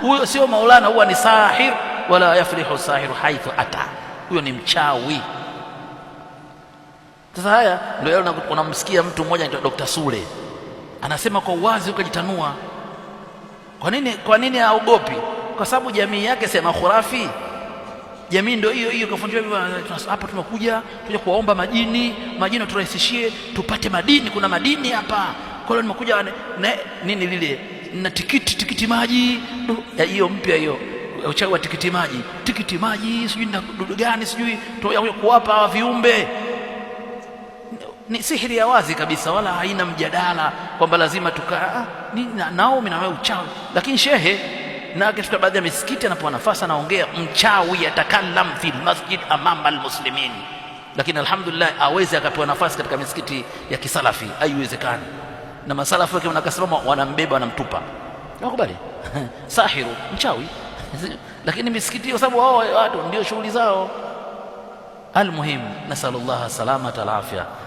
Huyo sio Maulana, huwa ni sahir. Wala yaflihu sahiru haithu ata, huyo ni mchawi. Sasa haya ndio unamsikia mtu mmoja anaitwa Dr. Sule anasema kwa uwazi, ukajitanua. Kwa nini? Kwa nini haogopi? Kwa sababu jamii yake sema khurafi, jamii ndio hiyo hiyo. Kafunjwa hapa, tumekuja kuja kuwaomba majini, majini waturahisishie tupate madini, kuna madini hapa. Kwa hiyo nimekuja nini lile na tikiti tikiti maji hiyo mpya hiyo uchawi wa tikiti maji tikiti maji sijui na dudu gani sijui kuwapa hawa viumbe ni sihiri ya wazi kabisa, wala haina mjadala kwamba lazima tukaa ah, ah, na, Naomi na uchawi. Lakini shehe na akifika baadhi ya misikiti anapewa nafasi anaongea, mchawi yatakallam fi lmasjid amama almuslimin. Lakini alhamdulillah aweze akapewa nafasi katika misikiti ya kisalafi, haiwezekani na masalafu wake wanakasimama, wanambeba, wanamtupa, wakubali sahiru, mchawi lakini misikiti kwa sababu wao watu ndio shughuli zao. Almuhimu, nasalu llaha salamata alafya.